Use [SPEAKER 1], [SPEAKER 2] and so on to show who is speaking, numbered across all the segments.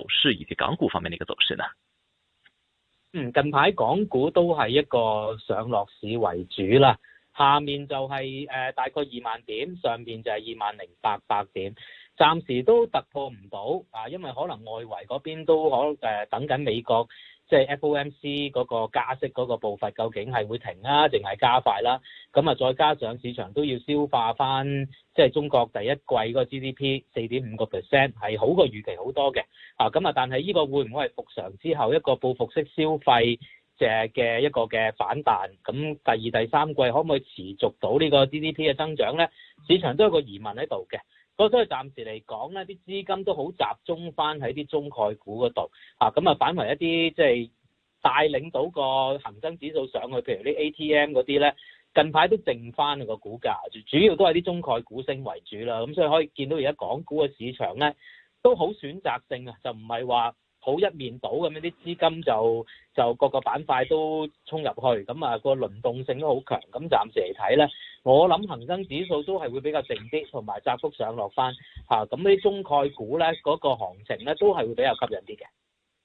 [SPEAKER 1] 走勢以及港股方面呢個走勢呢？
[SPEAKER 2] 嗯，近排港股都係一個上落市為主啦。下面就係、是、誒、呃、大概二萬點，上面就係二萬零八百點，暫時都突破唔到啊，因為可能外圍嗰邊都可誒、呃、等緊美國。即係 FOMC 嗰個加息嗰個步伐究竟係會停啊，定係加快啦？咁啊，再加上市場都要消化翻，即係中國第一季嗰個 GDP 四點五個 percent 係好過預期好多嘅啊！咁啊，但係呢個會唔會係復常之後一個報復式消費者嘅一個嘅反彈？咁第二、第三季可唔可以持續到呢個 GDP 嘅增長咧？市場都有個疑問喺度嘅。所以暫時嚟講咧，啲資金都好集中翻喺啲中概股嗰度，啊，咁啊反為一啲即係帶領到個恒生指數上去，譬如啲 ATM 嗰啲咧，近排都剩翻個股價，主要都係啲中概股升為主啦。咁所以可以見到而家港股嘅市場咧，都好選擇性啊，就唔係話好一面倒咁樣，啲資金就就各個板塊都衝入去，咁啊個輪動性都好強。咁暫時嚟睇咧。我諗恒生指數都係會比較靜啲，同埋窄幅上落翻，吓，咁呢中概股咧嗰個行情咧都係會比較吸引啲嘅。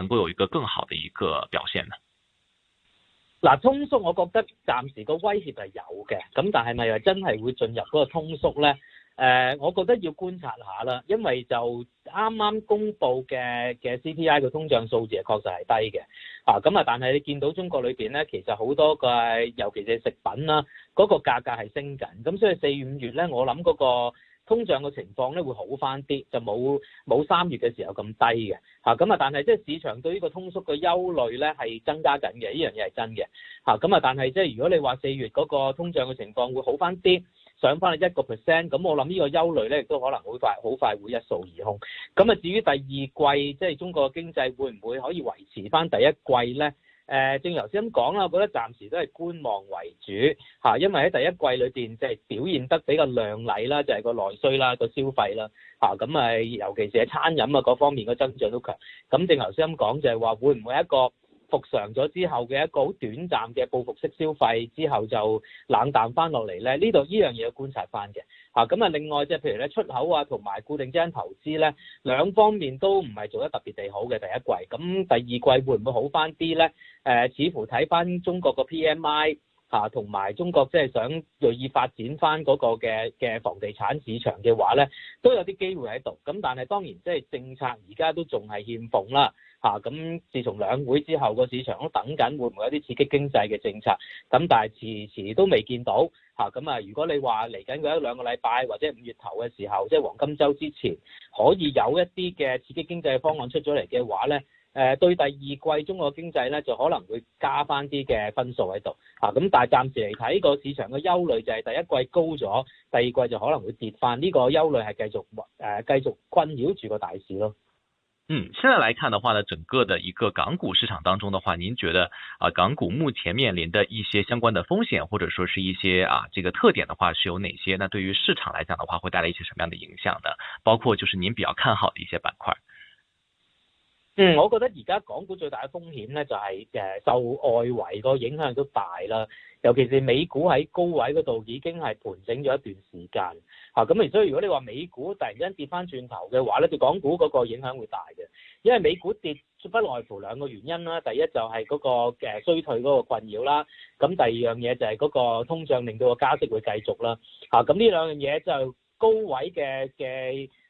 [SPEAKER 1] 能夠有一個更好的一個表現
[SPEAKER 2] 呢？嗱，通縮我覺得暫時個威脅係有嘅，咁但係咪又真係會進入嗰個通縮咧？誒、呃，我覺得要觀察下啦，因為就啱啱公布嘅嘅 CPI 嘅通脹數字係確實係低嘅，啊，咁啊，但係你見到中國裏邊咧，其實好多嘅，尤其是食品啦，嗰個價格係升緊，咁所以四五月咧，我諗嗰個。通脹嘅情況咧會好翻啲，就冇冇三月嘅時候咁低嘅，嚇咁啊！但係即係市場對呢個通縮嘅憂慮咧係增加緊嘅，呢樣嘢係真嘅，嚇咁啊！但係即係如果你話四月嗰個通脹嘅情況會好翻啲，上翻去一個 percent，咁我諗呢個憂慮咧亦都可能會快好快會一掃而空。咁啊，至於第二季即係、就是、中國嘅經濟會唔會可以維持翻第一季咧？誒，正頭先咁講啦，我覺得暫時都係觀望為主嚇，因為喺第一季裏邊即係表現得比較亮麗啦，就係、是、個內需啦，個消費啦，嚇咁咪尤其是喺餐飲啊嗰方面嘅增長都強。咁正頭先咁講，就係話會唔會一個復常咗之後嘅一個好短暫嘅報復式消費之後就冷淡翻落嚟咧，呢度呢樣嘢要觀察翻嘅嚇。咁啊，另外即係譬如咧出口啊同埋固定資產投資咧，兩方面都唔係做得特別地好嘅第一季。咁第二季會唔會好翻啲咧？誒，似乎睇翻中國個 PMI。嚇，同埋中國即係想銳意發展翻嗰個嘅嘅房地產市場嘅話咧，都有啲機會喺度。咁但係當然即係政策而家都仲係欠奉啦。嚇，咁自從兩會之後，個市場都等緊會唔會有啲刺激經濟嘅政策。咁但係遲遲都未見到。嚇，咁啊，如果你話嚟緊嗰一兩個禮拜或者五月頭嘅時候，即係黃金週之前，可以有一啲嘅刺激經濟方案出咗嚟嘅話咧。呃、對第二季中國經濟呢就可能會加翻啲嘅分數喺度啊！咁但係暫時嚟睇，個市場嘅憂慮就係第一季高咗，第二季就可能會跌翻。呢個憂慮係繼續誒、呃，繼續困擾住個大市咯。
[SPEAKER 1] 嗯，現在來看的話呢整個的一個港股市場當中的話，您覺得啊、呃，港股目前面臨的一些相關的風險，或者說是一些啊，這個特點的話，是有哪些？呢對於市場來講的話，會帶來一些什麼樣的影響呢？包括就是您比較看好的一些板塊。
[SPEAKER 2] 嗯，我覺得而家港股最大嘅風險咧，就係誒受外圍個影響都大啦。尤其是美股喺高位嗰度已經係盤整咗一段時間嚇，咁所以如果你話美股突然間跌返轉頭嘅話咧，對港股嗰個影響會大嘅。因為美股跌不外乎兩個原因啦，第一就係嗰個誒衰退嗰個困擾啦，咁第二樣嘢就係嗰個通脹令到個加息會繼續啦。嚇，咁呢兩樣嘢就高位嘅嘅。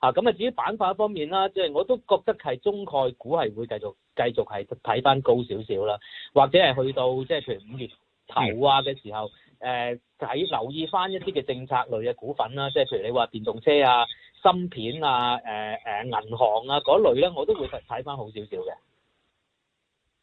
[SPEAKER 2] 啊，咁啊，至於板塊方面啦，即係我都覺得係中概股係會繼續繼續係睇翻高少少啦，或者係去到即係譬如五月頭啊嘅時候，誒、呃、睇留意翻一啲嘅政策類嘅股份啦，即係譬如你話電動車啊、芯片啊、誒、呃、誒銀行啊嗰類咧，我都會睇翻好少少嘅。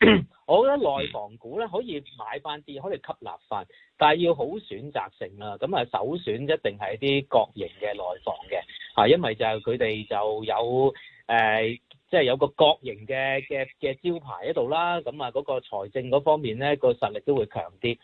[SPEAKER 2] 我覺得內房股咧可以買翻啲，可以吸納翻，但係要好選擇性啦。咁啊，首選一定係啲國營嘅內房嘅，嚇，因為就係佢哋就有誒，即、呃、係、就是、有個國營嘅嘅嘅招牌喺度啦。咁啊，嗰個財政嗰方面咧，個實力都會強啲。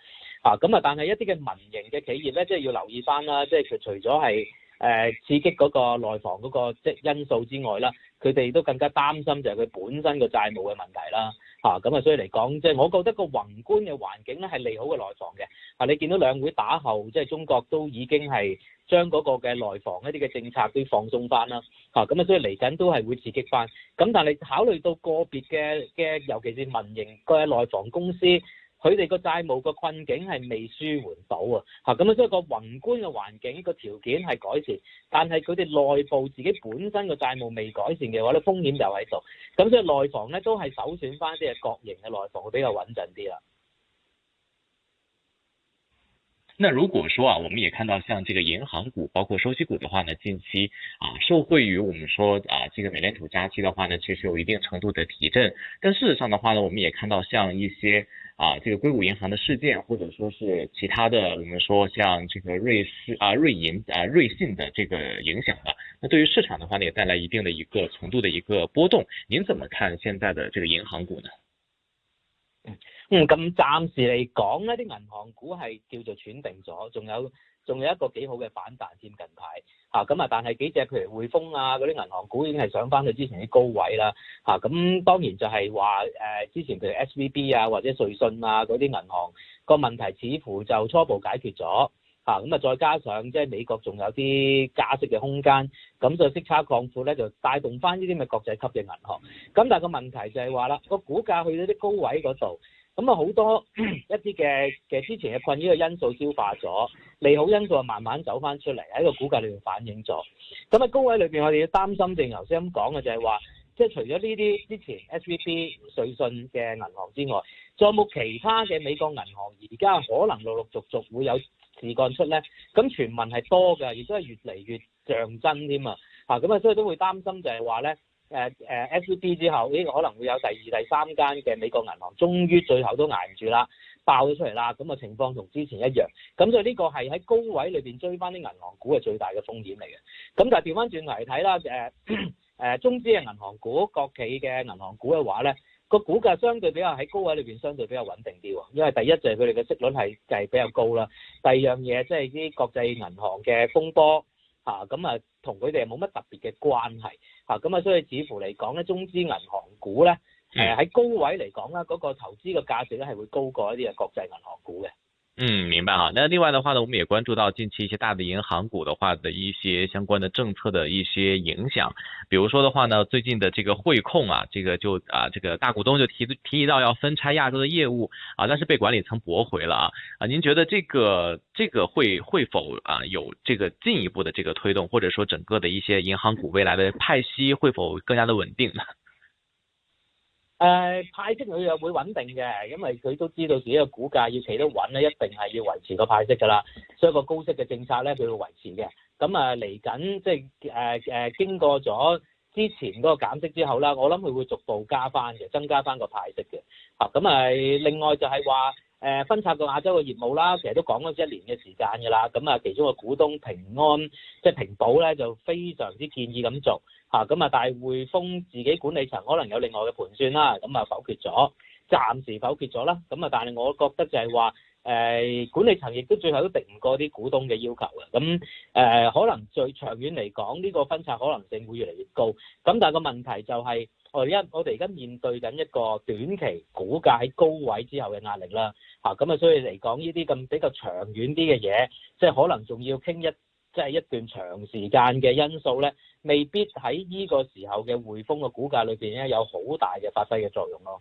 [SPEAKER 2] 啊，咁啊，但係一啲嘅民營嘅企業咧，即、就、係、是、要留意翻啦，即係佢除咗係，誒刺激嗰個內房嗰個即因素之外啦，佢哋都更加擔心就係佢本身個債務嘅問題啦。咁啊，所以嚟講，即係我覺得個宏觀嘅環境咧係利好嘅內房嘅。啊，你見到兩會打後，即係中國都已經係將嗰個嘅內房一啲嘅政策都放鬆翻啦。咁啊，所以嚟緊都係會刺激翻。咁但係考慮到個別嘅嘅，尤其是民營嘅內房公司。佢哋個債務個困境係未舒緩到啊！嚇，咁啊，即係個宏觀嘅環境個條件係改善，但係佢哋內部自己本身個債務未改善嘅話咧，風險就喺度。咁所以內房咧都係首選翻啲啊，國營嘅內房會比較穩陣啲啦。
[SPEAKER 1] 那如果說啊，我們也看到像這個銀行股包括收息股的話呢，近期啊受惠於我們說啊，這個美聯儲加息的話呢，確實有一定程度的提振。但事實上的話呢，我們也看到像一些。啊，這個硅谷銀行的事件，或者說是其他的，我們說像這個瑞士啊、瑞銀啊、瑞信的這個影響吧。那對於市場的話呢，也帶來一定的一個程度的一個波動。您怎麼看現在的這個銀行股呢？
[SPEAKER 2] 嗯，咁暫時嚟講，呢啲銀行股係叫做喘定咗，仲有。仲有一個幾好嘅反彈添，近排嚇咁啊，但係幾隻譬如匯豐啊、嗰啲銀行股已經係上翻去之前啲高位啦嚇。咁、啊、當然就係話誒，之前譬如 SVB 啊或者瑞信啊嗰啲銀行個問題似乎就初步解決咗嚇。咁啊，再加上即係美國仲有啲加息嘅空間，咁就息差擴闊咧就帶動翻呢啲咪國際級嘅銀行。咁但係個問題就係話啦，個股價去到啲高位嗰度，咁啊好多一啲嘅嘅之前嘅困擾嘅因素消化咗。利好因素啊，慢慢走翻出嚟喺個股價裏面反映咗。咁喺高位裏面，我哋要擔心定頭先咁講嘅就係話，即係除咗呢啲之前 SVB 瑞信嘅銀行之外，仲有冇其他嘅美國銀行而家可能陸陸續續會有事幹出咧？咁傳聞係多嘅，亦都係越嚟越象徵添啊！咁啊，所以都會擔心就係話咧、呃呃、，SVB 之後呢可能會有第二、第三間嘅美國銀行，終於最後都捱唔住啦。爆咗出嚟啦，咁啊情況同之前一樣，咁所以呢個係喺高位裏邊追翻啲銀行股嘅最大嘅風險嚟嘅。咁但係調翻轉嚟睇啦，誒誒中資嘅銀行股、國企嘅銀行股嘅話咧，個股價相對比較喺高位裏邊相對比較穩定啲喎，因為第一就係佢哋嘅息率係就係比較高啦，第二樣嘢即係啲國際銀行嘅風波嚇，咁啊同佢哋冇乜特別嘅關係嚇，咁啊所以似乎嚟講咧，中資銀行股咧。誒、嗯、喺、呃、高位嚟講呢嗰個投資嘅價值呢係會高過一啲嘅國際銀行股嘅。
[SPEAKER 1] 嗯，明白啊。那另外的話呢，我們也關注到近期一些大的銀行股的話，的一些相關的政策的一些影響。比如說的話呢，最近的這個匯控啊，這個就啊，這個大股東就提提議到要分拆亞洲的業務啊，但是被管理層駁回了啊。啊，您覺得這個這個會會否啊有這個進一步的這個推動，或者說整個的一些銀行股未來的派息會否更加的穩定呢？
[SPEAKER 2] 誒、呃、派息佢又會穩定嘅，因為佢都知道自己嘅股價要企得穩咧，一定係要維持個派息噶啦，所以個高息嘅政策咧，佢會維持嘅。咁啊，嚟緊即係、誒誒、經過咗之前嗰個減息之後啦，我諗佢會逐步加翻嘅，增加翻個派息嘅。咁啊，啊，另外就係話，誒分拆到亞洲嘅業務啦，其實都講咗一年嘅時間㗎啦，咁啊，其中個股東平安即係平保咧就非常之建議咁做吓，咁啊大匯豐自己管理層可能有另外嘅盤算啦，咁啊否決咗，暫時否決咗啦，咁啊但係我覺得就係話誒管理層亦都最後都敵唔過啲股東嘅要求嘅，咁誒可能最長遠嚟講呢個分拆可能性會越嚟越高，咁但係個問題就係。哦，我哋而家面對緊一個短期股價喺高位之後嘅壓力啦，吓咁啊，所以嚟講呢啲咁比較長遠啲嘅嘢，即係可能仲要傾一即係一段長時間嘅因素咧，未必喺呢個時候嘅匯豐嘅股價裏邊咧有好大嘅發揮嘅作用咯。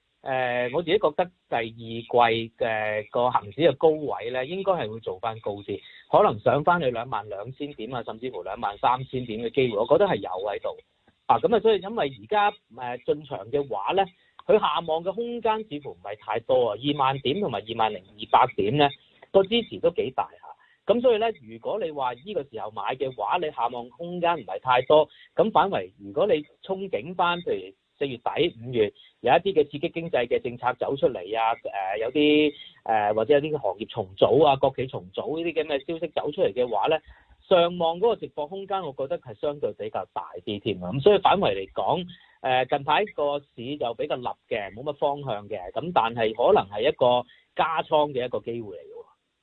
[SPEAKER 2] 誒、呃、我自己覺得第二季嘅個恆指嘅高位咧，應該係會做翻高啲，可能上翻去兩萬兩千點啊，甚至乎兩萬三千點嘅機會，我覺得係有喺度啊。咁、嗯、啊，所以因為而家誒進場嘅話咧，佢下望嘅空間似乎唔係太多啊。二萬點同埋二萬零二百點咧，個支持都幾大嚇。咁所以咧，如果你話呢個時候買嘅話，你下望空間唔係太多，咁反為如果你憧憬翻譬如，四月底、五月有一啲嘅刺激經濟嘅政策走出嚟啊，誒有啲誒或者有啲行業重組啊、國企重組呢啲咁嘅消息走出嚟嘅話咧，上望嗰個直播空間，我覺得係相對比較大啲添啊。咁所以反為嚟講，誒近排個市就比較立嘅，冇乜方向嘅，咁但係可能係一個加倉嘅一個機會嚟。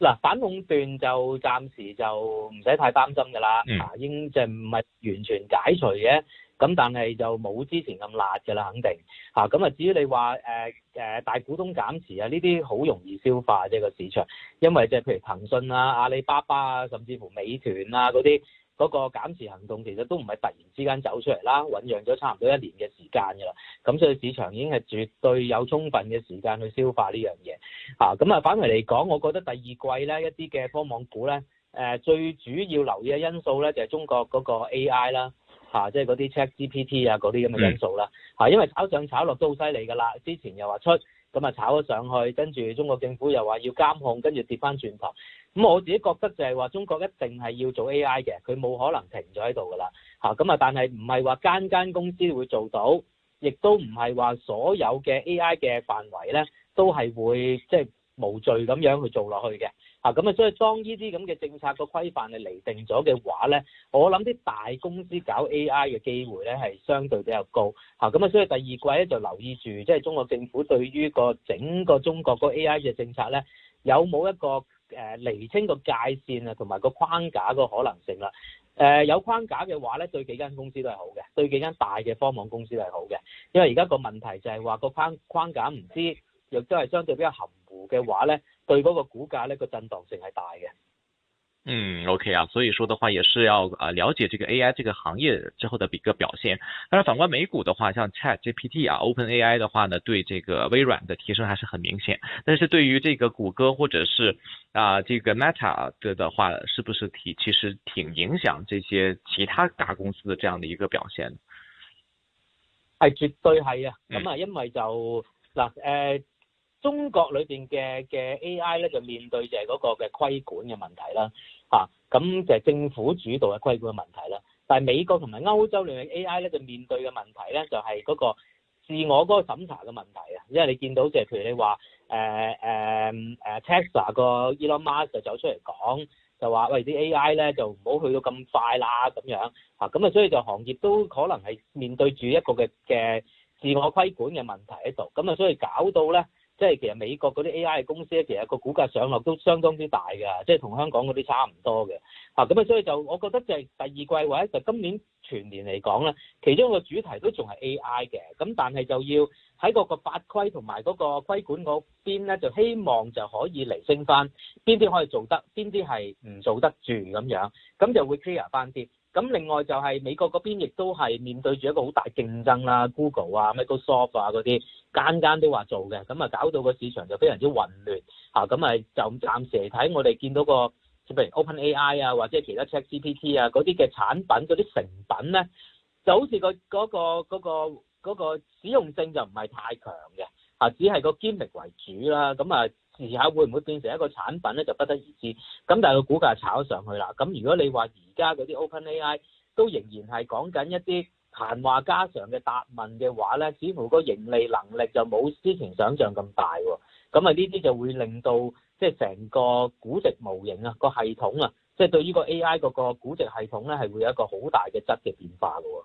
[SPEAKER 2] 嗱，反壟斷就暫時就唔使太擔心㗎啦，啊應就唔係完全解除嘅，咁但係就冇之前咁辣㗎啦，肯定吓，咁啊，至於你話、呃呃、大股東減持啊，呢啲好容易消化即個市場，因為即係譬如騰訊啊、阿里巴巴啊，甚至乎美團啊嗰啲。嗰個減持行動其實都唔係突然之間走出嚟啦，醖釀咗差唔多一年嘅時間㗎啦，咁所以市場已經係絕對有充分嘅時間去消化呢樣嘢，咁啊反回嚟講，我覺得第二季咧一啲嘅科網股咧、呃，最主要留意嘅因素咧就係中國嗰個 AI 啦，啊、即係嗰啲 ChatGPT 啊嗰啲咁嘅因素啦、嗯，因為炒上炒落都好犀利㗎啦，之前又話出。咁啊炒咗上去，跟住中國政府又話要監控，跟住跌返轉頭。咁我自己覺得就係話中國一定係要做 AI 嘅，佢冇可能停咗喺度㗎啦。嚇咁啊，但係唔係話間間公司會做到，亦都唔係話所有嘅 AI 嘅範圍咧都係會即係、就是、無罪咁樣去做落去嘅。啊，咁啊，所以當呢啲咁嘅政策個規範係釐定咗嘅話咧，我諗啲大公司搞 A I 嘅機會咧係相對比較高。嚇，咁啊，所以第二季咧就留意住，即係中國政府對於個整個中國個 A I 嘅政策咧，有冇一個誒釐清個界線啊，同埋個框架個可能性啦。誒，有框架嘅話咧，對幾間公司都係好嘅，對幾間大嘅科網公司係好嘅，因為而家個問題就係話個框框架唔知，亦都係相對比較含糊嘅話咧。對嗰個股價呢，那個震盪性係大嘅。
[SPEAKER 1] 嗯，OK 啊，所以說的話也是要啊了解這個 AI 這個行業之後嘅一個表現。但是反觀美股嘅話，像 ChatGPT 啊、OpenAI 的話呢，對這個微軟嘅提升還是很明顯。但是對於這個谷歌或者是啊這個 Meta 嘅話，是不是提其實挺影響這些其他大公司的這樣的一個表現？係、哎、
[SPEAKER 2] 絕
[SPEAKER 1] 對係啊！咁、
[SPEAKER 2] 嗯、啊，因為就嗱、啊呃中國裏邊嘅嘅 AI 咧就面對就係嗰個嘅規管嘅問題啦，嚇咁就係政府主導嘅規管嘅問題啦。但係美國同埋歐洲裏邊嘅 AI 咧就面對嘅問題咧就係嗰個自我嗰個審查嘅問題啊，因為你見到就係譬如你話誒誒誒 Tesla 個 Elon Musk 就走出嚟講就話喂，啲 AI 咧就唔好去到咁快啦咁樣嚇咁啊，所以就行業都可能係面對住一個嘅嘅自我規管嘅問題喺度，咁啊所以搞到咧。即係其實美國嗰啲 AI 公司咧，其實個股價上落都相當之大㗎，即係同香港嗰啲差唔多嘅。咁啊，所以就我覺得就係第二季或者就今年全年嚟講咧，其中一個主題都仲係 AI 嘅。咁但係就要喺個個法規同埋嗰個規管嗰邊咧，就希望就可以釐清返，邊啲可以做得，邊啲係唔做得住咁樣，咁就會 clear 翻啲。咁另外就係美國嗰邊亦都係面對住一個好大競爭啦，Google 啊、Microsoft 啊嗰啲間間都話做嘅，咁啊搞到個市場就非常之混亂，咁啊就暫時嚟睇，我哋見到個譬如 OpenAI 啊，或者其他 ChatGPT 啊嗰啲嘅產品嗰啲成品咧，就好似個嗰個嗰個嗰個使用性就唔係太強嘅。啊！只係個堅力為主啦，咁啊，試下會唔會變成一個產品咧，就不得而知。咁但係個股價炒上去啦。咁如果你話而家嗰啲 OpenAI 都仍然係講緊一啲閒話家常嘅答問嘅話咧，似乎個盈利能力就冇之前想象咁大喎。咁啊，呢啲就會令到即係成個估值模型啊，個系統啊，即係對於呢個 AI 嗰個估值系統咧，係會有一個好大嘅質嘅變化噶喎。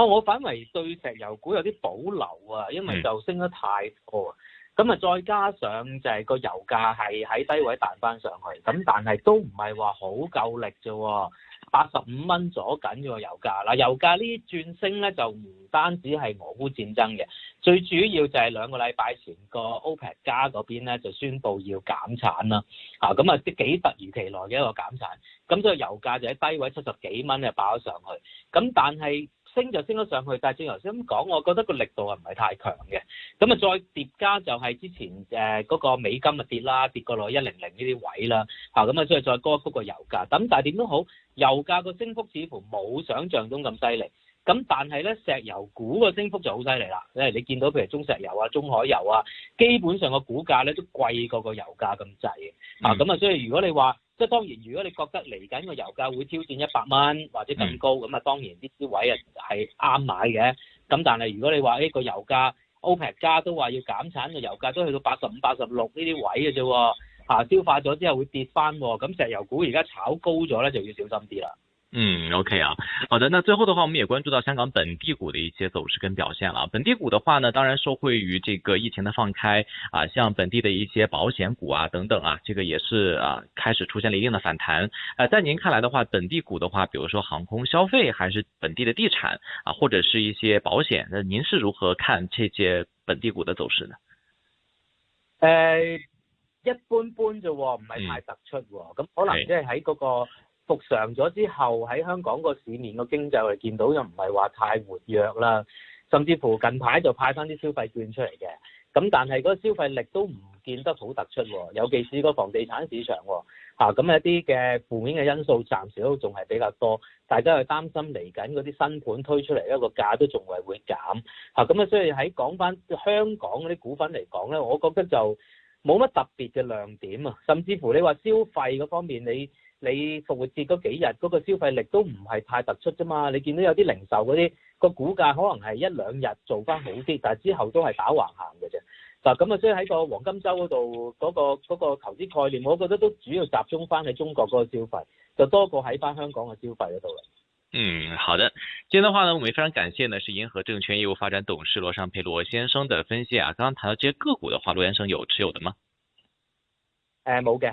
[SPEAKER 2] 哦，我反為對石油股有啲保留啊，因為就升得太多，咁啊再加上就係個油價係喺低位彈翻上去，咁但係都唔係話好夠力啫，八十五蚊左緊嘅油價嗱，油價這些轉呢轉升咧，就唔單止係俄烏戰爭嘅，最主要就係兩個禮拜前個 OPEC 加嗰邊咧就宣布要減產啦，嚇咁啊即幾、嗯、突如其來嘅一個減產，咁所以油價就喺低位七十幾蚊就爆咗上去，咁但係。升就升咗上去，但係頭先咁講，我覺得個力度係唔係太強嘅。咁啊再疊加就係之前誒嗰個美金啊跌啦，跌過落一零零呢啲位啦。嚇咁啊，所以再高幅級個油價。咁但係點都好，油價個升幅似乎冇想像中咁犀利。咁但係咧，石油股個升幅就好犀利啦。因為你見到譬如中石油啊、中海油啊，基本上個股價咧都貴過個油價咁滯嘅。啊、嗯、咁啊，所以如果你話，即係當然，如果你覺得嚟緊個油價會挑戰一百蚊或者咁高，咁、嗯、啊當然啲啲位啊係啱買嘅。咁但係如果你話呢個油價，OPEC 加都話要減產，個油價都去到八十五、八十六呢啲位嘅啫喎，消化咗之後會跌翻喎。咁石油股而家炒高咗咧，就要小心啲啦。
[SPEAKER 1] 嗯，OK 啊，好的，那最後的話，我們也關注到香港本地股的一些走勢跟表現了，啊。本地股的話呢，當然受惠於這個疫情的放開啊，像本地的一些保險股啊等等啊，這個也是啊開始出現了一定的反彈。呃、啊，在您看來的話，本地股的話，比如說航空消費，消費還是本地的地產啊，或者是一些保險，那您是如何看這些本地股的走勢呢？呃
[SPEAKER 2] 一般般啫，哦，唔係太突出，哦，咁、嗯、可能因為喺嗰個。Okay. 復常咗之後，喺香港個市面個經濟我哋見到又唔係話太活躍啦，甚至乎近排就派翻啲消費券出嚟嘅，咁但係個消費力都唔見得好突出喎，尤其是個房地產市場喎，嚇咁一啲嘅負面嘅因素暫時都仲係比較多，大家又擔心嚟緊嗰啲新盤推出嚟一個價都仲係會減，嚇咁啊，所以喺講翻香港嗰啲股份嚟講咧，我覺得就冇乜特別嘅亮點啊，甚至乎你話消費嗰方面你。你復活節嗰幾日嗰個消費力都唔係太突出啫嘛，你見到有啲零售嗰啲個股價可能係一兩日做翻好啲，但係之後都係打橫行嘅啫。嗱咁啊，即係喺個黃金周嗰度嗰個投資概念，我覺得都主要集中翻喺中國嗰個消費，就多過喺翻香港嘅消費嗰度。嗯，
[SPEAKER 1] 好的。今天嘅話呢，我們非常感謝呢，是銀河證券業務發展董事羅尚沛羅先生的分析啊。剛剛談到啲個股的話，羅先生有持有的嗎？
[SPEAKER 2] 誒、呃，冇嘅。